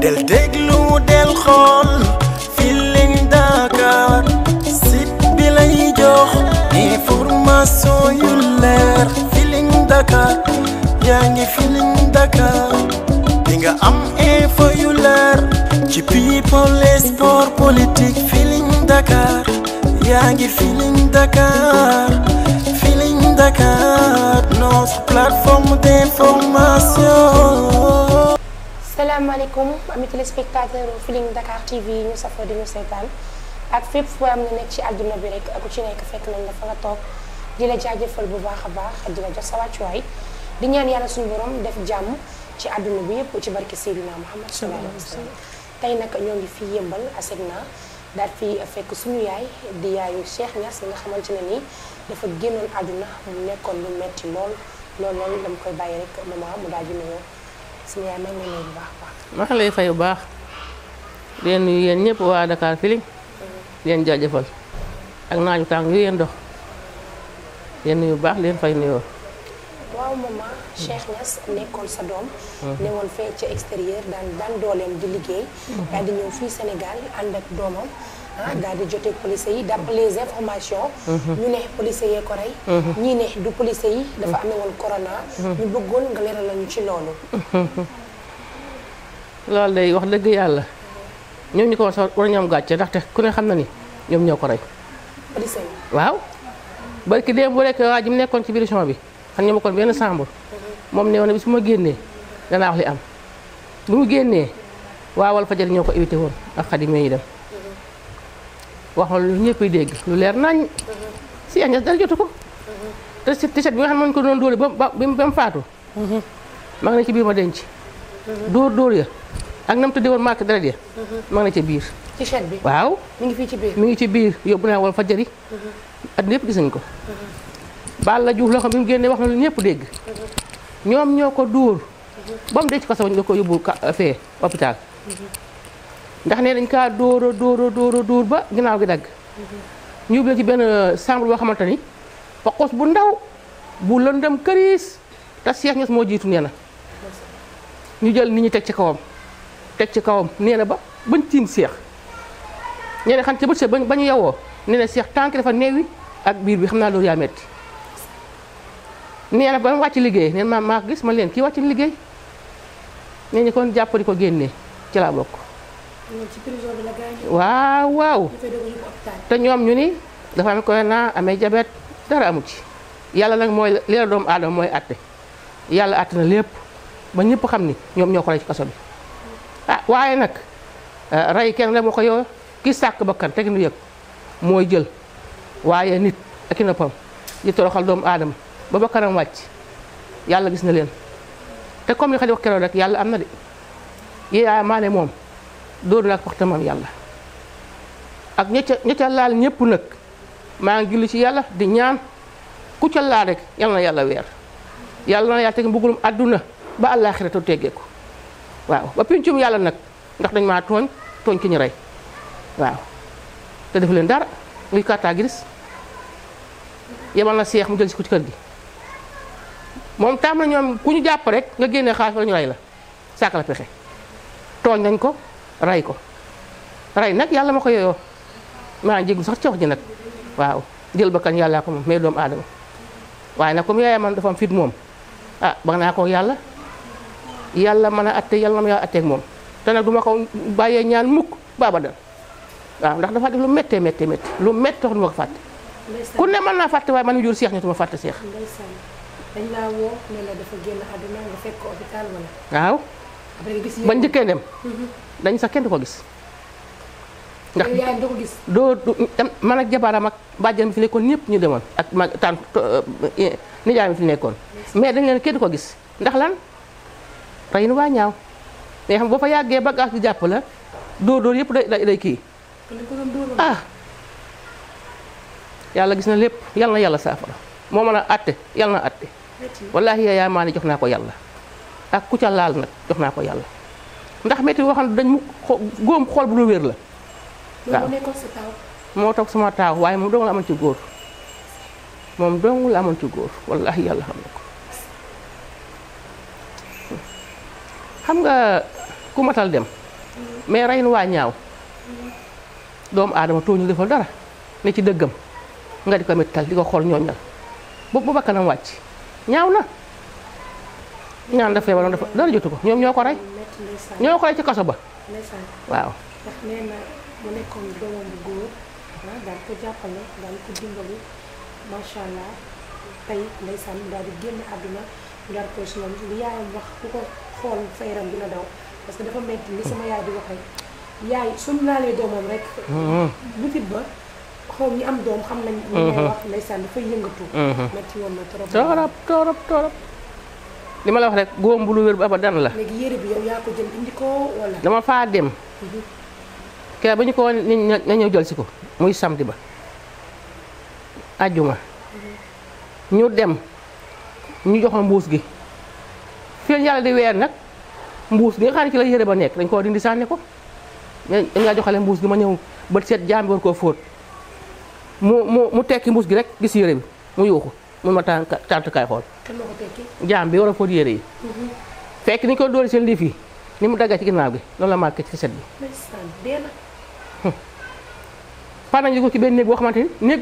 del déglu del xool Feeling Dakar site bi lay jox information yu leer Feeling Dakar yaa ngi Feeling Dakar nga am yu leer ci people et sport politique Feeling Dakar yaa ngi Feeling Dakar Feeling Dakar notre plateforme d'information salaamaaleykum ami téléspectateur Feeling Dakar TV ñu safoo di ñu seetaan ak fépp fu am nga nekk ci àdduna bi rek aku ci nekk fekk nañ la fa toog di la bu baax a baax di la jox sa wàccuwaay di ñaan yàlla suñu borom def jàmm ci àdduna bi yëpp ci barke Seydina Muhammad sallallahu alayhi wa sallam tey nag ñoo ngi fii yëmbal ASECNA daal fi fekk suñu yaay di yaayu Cheikh Niass nga xamante ne nii dafa génnoon àdduna mu nekkoon lu metti lool lool loolu dama koy bàyyi rek maman mu daal di nuyoo suñu yaay lay bu baax baax. maa lay fay bu baax leen nuyu yéen ñëpp waa Dakar Feeling leen jaajëfal ak naaju tàng yu yéen dox di nuyu baax di leen fay nuyoo. waaw maman Cheikh Niass nekkoon sa doom. Hmm. newoon fee ci extérieur daan daan dooleem di liggéey. Hmm. daal di ñëw fii Sénégal ànd ak doomam. ah daal di joteeg policiers yi d'après les informations. Mhm. ñu ne policiers yee mhm. ne du policiers yi. dafa mhm. amee woon corona. ñu bëggoon nga leeral lañu ci loolu. loolu day wax dëgg yàlla ñoom ñu ko war war ñoom gàcce ndaxte ku ne xam na ni ñoom ñoo ko rey. policiers yi waaw. barki démb bu rek waaw ji mu nekkoon ci biir bi xam ñu ma kon benn chambre moom nee woon bi su ma génnee danaa wax li am bu mu génnee waa Walfadjri ñoo ko évité woon ak xadime yi dem. waxoon lu ñëpp dégg lu leer nañ si Agnès dara ko te si t bi xam ne ko doon dóore ba mu faatu ma ngi ne ci biir ma denc dóor dóor ya ak nam woon maak deret ya ma ngi ne ci biir bi waaw mi ngi fii ci biir mi ngi ci biir yóbbu naa wal fajari adduna yëpp gis nañ ko bal la juuf loo xam bi mu génnee wax na lu ñëpp dégg ñoom ñoo ko dóor ba mu denc ko sa wañ nga ko yóbbu fee hôpital ndax nee nañ kaa dóor a dóor a dóor a dóor ba ginnaaw gi dagg ñu yóbbu ci benn semble boo xamante ni paqos bu ndaw bu lëndëm këriis te Cheikh Niass moo jiitu nee na ñu jël nit ñi teg ci kawam teg ci kawam nee na ba bañ tiim Cheikh nee xam ca bët bañ ba ñu yowoo nee na Cheikh tànk dafa neewi ak biir bi xam naa loolu yaa metti nee na ba mu wàcc liggéey nee na maa gis ma leen kii wàcc liggéey nee na kon jàppandi ko génnee ci laa bokk waaw waaw te ñoom ñu ni dafa am koy naa amee jabet dara amu ci yàlla nag mooy li la doomu aadama mooy àtte yàlla àtte na lépp ba ñëpp xam ni ñoom ñoo ko ci kaso bi ah waaye nag eh, rey kenn la moo ko yow ki sàkk bakkan teg nu yëg mooy jël waaye nit ak i noppam di toroxal doomu aadama ba bakkanam wàcc yàlla gis na leen te comme li xa di wax rek yàlla am na de yéen maa ne moom dóor nag ak waxta moom yàlla ak ña ca laal ñépp nag maa ngi julli ci yàlla di ñaan ku ca laal rek yal na yàlla weer yàlla na yàlla teg mbugulum àdduna ba àllaaxira tu teggee ko waaw ba pincum yàlla nag ndax dañ maa tooñ tooñ ki ñu rey waaw te def leen dara muy carte grise yemal na seex mu jël si ko ci kër gi moom tam ñoom ku ñu jàpp rek nga génnee xaalis wala ñu la saaka la pexe tooñ nañ ko ray ko ray nag yàlla ma ko yooyoo maa jéglu sax ci wax ji nag waaw jël bakkan yàllaa ko moom mais doomu aadama waaye nag comme yaayam man defam fit moom ah ba naa ko yàlla yàlla man a atte na ma yàlla atteeg moom te nag du ma ko bàyyee ñaan mukk baaba dal waaw ndax dafa def lu mettee méttee métti lu métti tax du ko fàtte ku ne mën naa fàtte waaye man jur seex ñu tuma fàtte seex dañ laa woo waaw bañ njëkkee dem. Mm-hmm. dañ sax kenn du ko gis. ndax yaayam du gis. doo man ak jabaram ak bàjjan bi fi nekkoon ñëpp ñu demoon ak mag tànn euh, nijaay mi fi nekkoon. mais dañ leen kenn du ko gis ndax lan reyin waa ñaaw. mais xam boo fa yàggee bagage bi jàpp la dóor dóor yëpp day day kii. ah. yàlla gis na lépp yal yàlla saafara moo mën a àtte yàlla na àtte. wallaahi yaayaa maa jox naa ko yàlla. ak ku ca laal nag jox naa ko yàlla ndax métti boo dañ mu góom xool bu lu wér la. waaw moo toog suma taaw waaye moom dong la amoon ci góor moom dong la amoon ci góor wallaahi yàlla xam na ko xam nga ku matal dem mm. mais reyin waa ñaaw mm. doomu aadama tooñu defal dara ne ci dëggam nga di ko mettal di ko xool ñooñal boobu ba bakkanam wàcc ñaaw na ñaan la feebaroon dafa dara jotu ko ñoom ñoo ko rey. ñoo ko rey ci kaso ba. waaw. ndax nee mm-hmm. na mu nekkoon doomam bu góor daal ko jàppale daal ko dimbali macha allah tey ndeysaan mu daal di génn àdduna mu daal ko suñu li yaayam wax xool sa yaram dina daw parce que dafa metti li sama yaay di wax rek yaay suñu laalee doomam rek. butit ba. xool ñi am doom xam nañ. li wax ndeysaan dafay yëngatu. metti torop torop torop. li ma la wax rek góom bu lu wér bu abadan la. léegi yére bi yow yaa ko dama faa dem. Mhm. kii ba ñu ko woon na ñëw jël si ko muy samdi ma ajjuma mhm. ñu dem ñu jox ma mbuus gi fii yàlla di weer nag mbuus gi nga xam ne la yére ba nekk dañ koo dindi sànni ko mais dañ laa joxale mbuus gi ma ñëw ba set jaam bi war koo fóot mu mu mu tekki mbuus gi rek gis yére bi mu yuuxu mun ma tànn tàntu kaay xool. jaam bi war a fóot yére yi. Mm-hmm. fekk ni ko dóori seen liif yi ni mu daggee ci ginnaaw gi loolu la marqué ci set bi. par nañu ko ci benn néeg boo xamante ni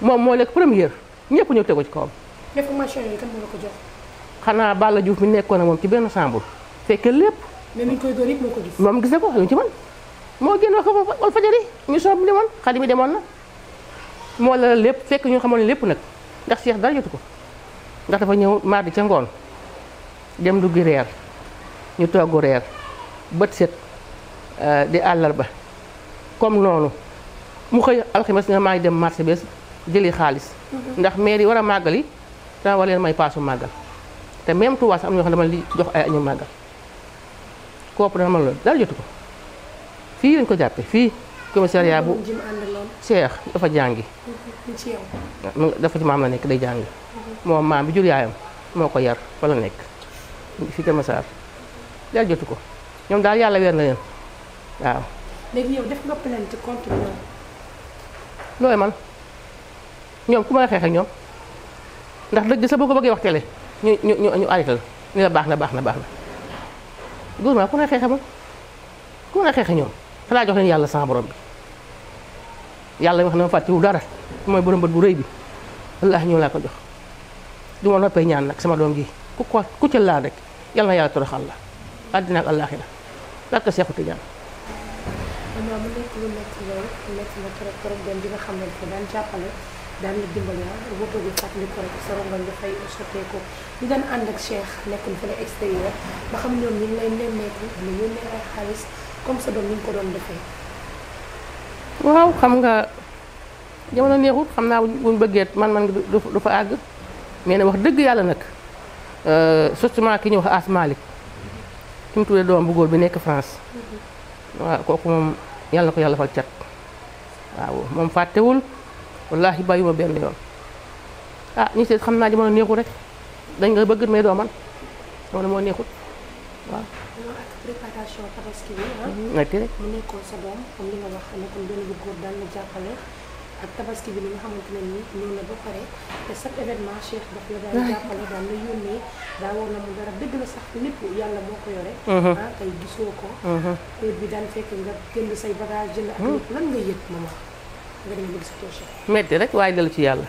moom moo lekk première ñëpp ñëw tegu ci kawam. information yi kan moo la ko jox. nekkoon na moom ci benn chambre fekk lépp. mais mi ko gis. moom gis na ko lu ci man moo génn ko wal fajari émission bi demoon xale mi demoon na. moo la lépp fekk ñu xamoon lépp nag ndax seex dara jotu ko ndax dafa ñëw mardi ca ngoon dem duggi reer ñu togg reer bët set euh, di àllarba comme noonu mu xëy alxames nga maa ngi dem marché bés jëli xaalis mhm. ndax maire yi war a màggal yi dama war leen may paasu màggal te même Touba sax am na ñoo xam dama li jox ay añu màggal kooku dama loolu dara jotu ko fii lañ ko jàppe fii commissariat bu Cheikh dafa jàngi ah, dafa ci maam la nekk day jàngi mhm. moom maam bi jur yaayam moo ko yar fa nekk fi Kër jotu ko ñoom daal yàlla weer na leen waaw léegi yow man ñoom ku ma xeex ak ñoom ndax dëgg sa boo ko bëggee wax télé ñu ñu ñu ñu ni la baax na baax na baax na gouvernement ku na xeex moom ñoom xanaa jox leen yàlla sama borom bi yàlla wax na ma fàttiwu dara mooy borom bët bu rëy bi wallaahi ñu laa ko jox du ma noppee ñaan nag sama doom ji ku ko ku ca laal rek yal na yàlla toroxal la àddina ak àllaaxira barke Seexu Tijaan na trop trop doon bi nga xam ne la dimbali ah boo bëggee fàttali ko rek sa rongoñ dafay sotteeku ñu daan ànd ak Cheikh nekkul fële extérieur ba xam ñoom ñu lay nemmeeku ñu yónnee ay xaalis. comme waaw xam nga jamono neexut xam naa buñ bëggee man man du fa àgg mais ne wax dëgg yàlla nag euh, surtout ki ñuy wax As Malick ki mu tuddee doom bu góor bi nekk France waaw kooku moom yàlla ko yàlla fal cat waaw moom fàttewul wallaahi bàyyuma benn yoon ah ñu seet xam naa jamono neexut rek dañ nga bëgg mais doo moo neexut waaw. non ak préparation tabaski bi ah. Mhm. mu nekkoon sa doom comme li nga wax ne kon benn bu góor daal la jàppale ak tabaski bi li nga xamante ne nii ñëw ba pare te chaque événement Cheikh daf la daal jàppale daal la yónnee daa war na mu dara dëgg la sax lépp yàlla boo ko yore. Mhm. ah tey gisoo ko. Mhm. heure bi daan fekk nga jënd say bagage jënd ak lépp lan nga yëg ma wax nga dem gis ko Cheikh. metti rek waaye dala ci yàlla.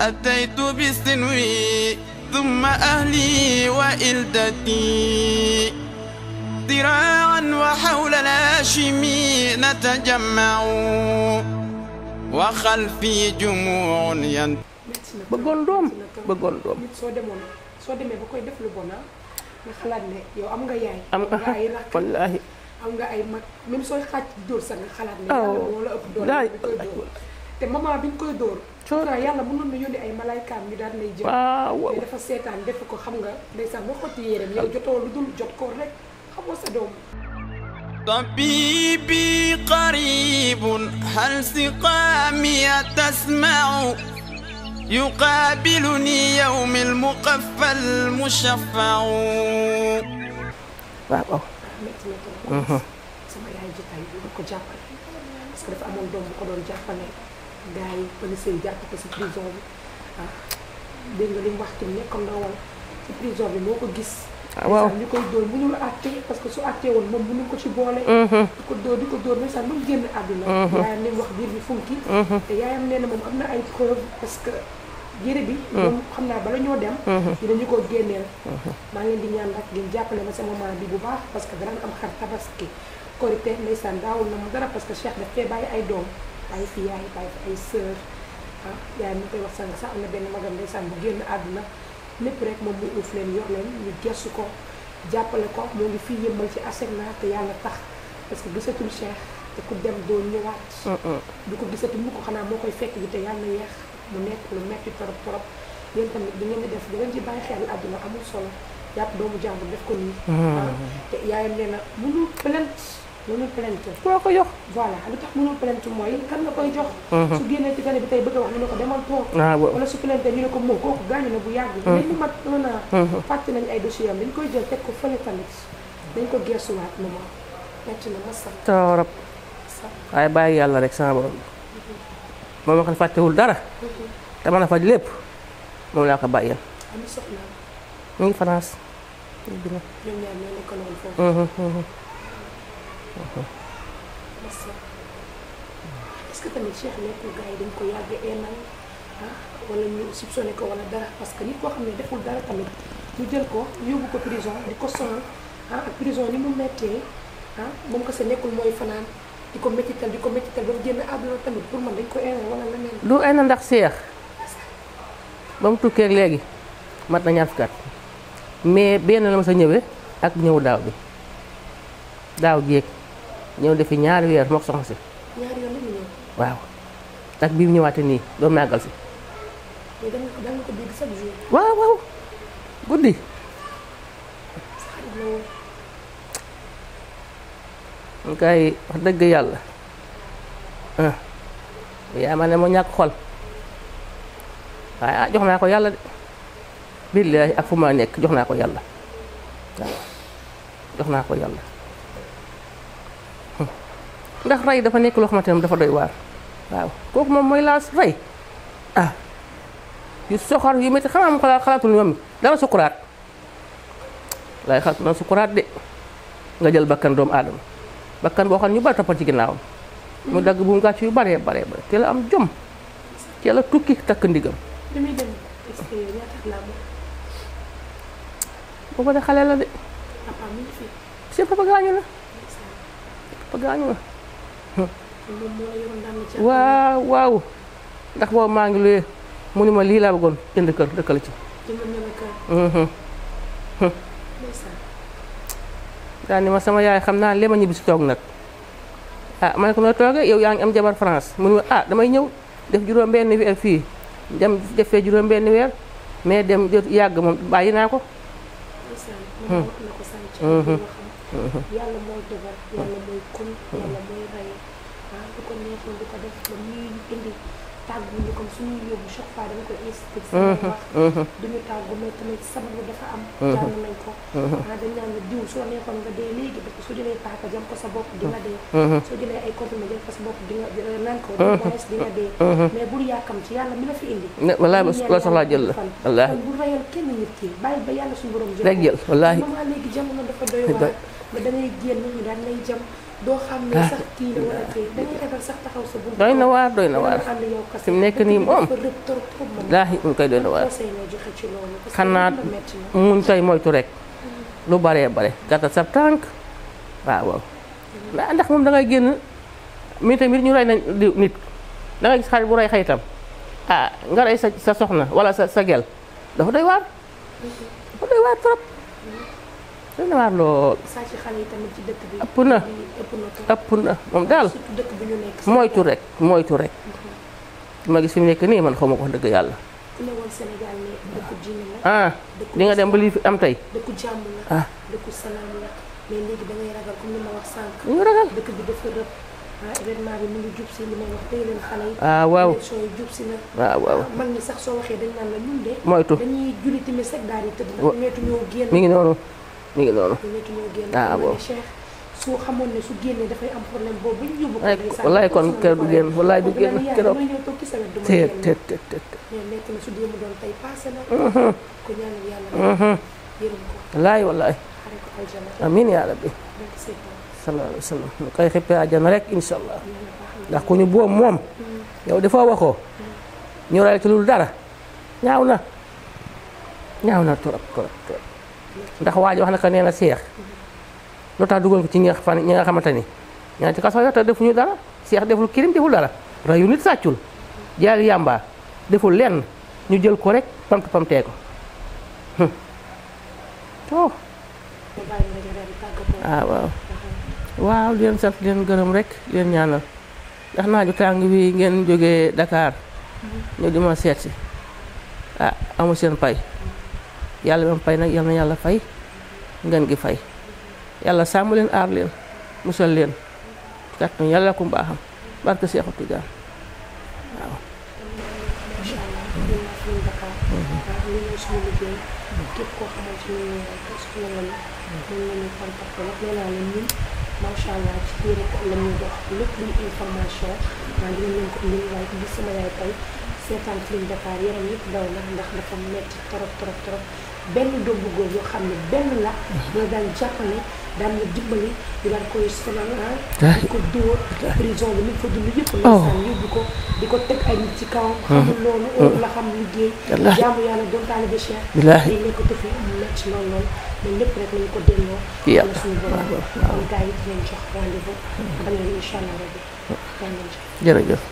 أتيت بسنوي ثم أهلي وإلدتي ذراعا وحول الهاشمي نتجمع وخلفي جموع ين bëggoon doom bëggoon doom soo demoon soo demee ba koy def lu bon nga xalaat ne yow am nga yaay am nga ay rakk wallaahi am nga ay mag même sooy xaaj dóor sax nga xalaat ne yàlla moo la ëpp doole te maman bi ñu koy dóor coora yàlla mënoon na yónni ay malaaykaam ñu daal lay jël. waaw dafa seetaan def ko xam nga ndeysaan ba xotti yéeram yow jotoo lu dul jot koor rek xamoo sa doom. طبيبي قريب هل سقامي تسمع يقابلني يوم المقفى المشفع waaw sama yaay jotaay bi ko jàppale parce que dafa amoon doom bu ko doon jàppale gars yi policiers yi jàpp si prison bi ah dégg nga li mu wax ci nekkam ndawal si prison bi moo ko gis. Ah, waaw li koy dóor mënul àtte parce que su àtte woon moom mënul ko ci boole. Mm-hmm. di ko dóor ko dóor mais sax ba mu génn àdduna. Mm-hmm. yaayam li mu wax biir bi funki. Mm-hmm. te yaayam nee na moom am na ay preuve parce que. jërë bi moom xam naa bala ñoo dem ñu ko génneel maa ngi leen di ñaan rek ngeen jàppale ma sama maman bi bu baax parce que dana am xar tabaski korite ndeysaan daawul na mu dara parce que Cheikh daf fee bàyyi ay doom ay fii ay ay ay sœur ah yaay mi koy wax sànq am na benn magam ndeysaan bu génn àdduna lépp rek moom mu uuf leen yor leen ñu gestu ko jàppale ko moo ngi fii yëmbal ci aserna te yàlla tax parce que gisatul Cheikh te ku dem doo ñëwaat du ko gisati mu ko xanaa moo koy fekk bi te yàlla yeex mu nekk lu metti torop torop yéen tamit di ngeen di def di ci bàyyi xel àdduna amul solo jàpp doomu jàmbur def ko nii mm-hmm. ah, yaayam nee na mënul mënul plainte koo ko jox voilà lu tax mënul plainte mooy kan la koy jox mhm. su génnee ci tali bi tey bëgg a wax ñu ne ko demal toog ah, wala su plainte ñu ne ko gaañu na bu yàgg mhm. léegi mhm. ay dossier am dañ koy jël teg ko fële tamit dañ ko geesuwaat na ma metti na ma sax torop waaye bàyyi rek sama moom ma fàttewul dara te mën a faj lépp moom laa ko bàyyal mu ngi France ñoom ñaar ñoo nekkaloon est-ce que tamit dañ ko yàgg eenal ah, wala ñu soupçonné ko wala dara parce que nit koo xam ne deful dara tamit ñu jël ko yóbbu ko prison di ko sonal ah ak prison ni mu méttee ah moom ko sa nekkul mooy fanaan di ko méttital di ko méttital ba mu génn àdduna tamit pour man dañ ko eenal wala leneen. du eenal ndax seex ba mu tukkee léegi mat na ñaar fukki mais benn la ma sa ñëwee ak ñëw daaw bi daaw jéeg. ñëw defi ñaari weer mook soxna si. ñaari weer waaw ak bi mu ñëwaatee nii doon màggal si. mais da nga waaw waaw guddi. ñu koy wax dëgg yàlla ah yaa ma ne ma ñàkk xol waaye ah jox naa ko yàlla de billaahi ak fu ma nekk jox naa ko yàlla waaw jox naa ko yàlla. ndax rey dafa nekk loo xamante ne dafa doy waar waaw kooku moom mooy laas rey ah yu soxor yu métti xanaa mu xalaat xalaatul ñoom dana jël bakkan doomu aadama bakkan boo xam ñu bari ci ginnaawam. mu dagg bu mu gàcc yu baree baree bare te la am jom te la tukki takk ndigam. booba de xale la de. papa gaañu la papa gaañu la. waaw waaw ndax boobu maa ngi luye mu ma lii laa bëggoon jënd dëkkal ci daa ni ma sama yaay xam naa lema ñibbi si toog nag ah ma ne ko noo toogee yow yaa ngi am jabar France mu ni ma ah damay ñëw def juróom benn weer fii dem defee juróom benn weer mais dem yàgg moom bàyyi naa ko hmm. Mm-hmm. yàlla mooy defar yàlla mooy kun yàlla mooy rey ah, mm-hmm. mm-hmm. ma sax laa jël la bu rayal kenn nit ki ba yàlla suñu borom jël rek jël walaay léegi jamono dafa doy ba da ngay génn ñu daan lay doo xam ah. sa buntu. na waar doy na waar fi mu nekk nii moom. laahi mu koy doy na waar. xanaa muñ koy moytu rek. lu baree bare gàttal sa tànk waaw waaw. Mm-hmm. ndax moom da ngay génn mi tamit ñu rey nañ nit da ngay gis xarit bu rey xaritam ah nga rey sa sa soxna wala sa gel dafa doy waar. Mm-hmm. dafa doy waar trop. doy na waar lool. sàcc xale yi tamit ëpp na ëpp na moom daal. surtout moytu rek moytu rek. Mhm. ma gis fi mu nekk nii man xaw ma ko wax dëgg yàlla. ah nga dem ba lii am tey. dëkku jàmm la. ah dëkku salaam la mais léegi da ah, si li may wax tey leen xale yi. ah waaw ah, ah, mi sax soo moytu dañuy ngi noonu. mi ngi noonu. ah bon su xamoon ne su génnee dafay am problème boobu ñu yóbbu ko. wallaay kon kër du génn wallaay du génn keroog. tey tey tey tey. wallaay wallaay. amiin yaa rabbi. sallallahu alayhi wa sallam ñu koy xippee àjjana rek incha allah. ndax ku ñu boobu moom. Mm. yow dafoo waxoo. Mm. ñu rey ci loolu dara. ñaaw na ñaaw na trop trop trop. ndax waa ji wax na ko nee a seex lu tax dugal ko ci ñi nga fan ñi nga xamante ni ñaa ci kaso yo te defuñu dara seex deful kirim deful dara reyu nit sàccul jaay yàmba deful lenn ñu jël ko rek pamte pamtee ko ah, waaw waaw waaw leen sant leen gërëm rek leen ñaanal ndax naaju tàng wi ngeen jóge Dakar ñëw di ma seetsi ah amu seen pay yàlla mi pay fay nag yàlla fay ngeen gi fay yàlla sàmm leen aar leen musal leen kàttan yàlla ku mbaaxam barke Seexu Tijaan waaw. seetaan film Dakar yaram yëpp daw na ndax dafa metti trop trop trop benn doomu góor yoo xam ne benn la. a daan jàppale daan na dimbali di daan koy ah. ko dóor prison bi ni fa dund yëpp. oh ko di ko teg ay nit ci kawam. Uh-huh. xamul loolu heure uh-huh. la xam liggéey. wallaahi jaamu yàlla doon taalibe Cheikh. wallaahi day nekk tëfi mu metti lool lool mais lépp rek lañu ko delloo. yàlla suñu borom yi dinañ jox